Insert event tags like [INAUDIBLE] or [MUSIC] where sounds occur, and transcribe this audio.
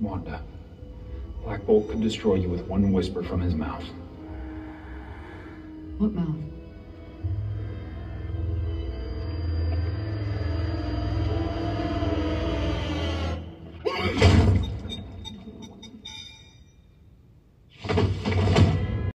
Wanda, Black Bolt could destroy you with one whisper from his mouth. What mouth? [LAUGHS]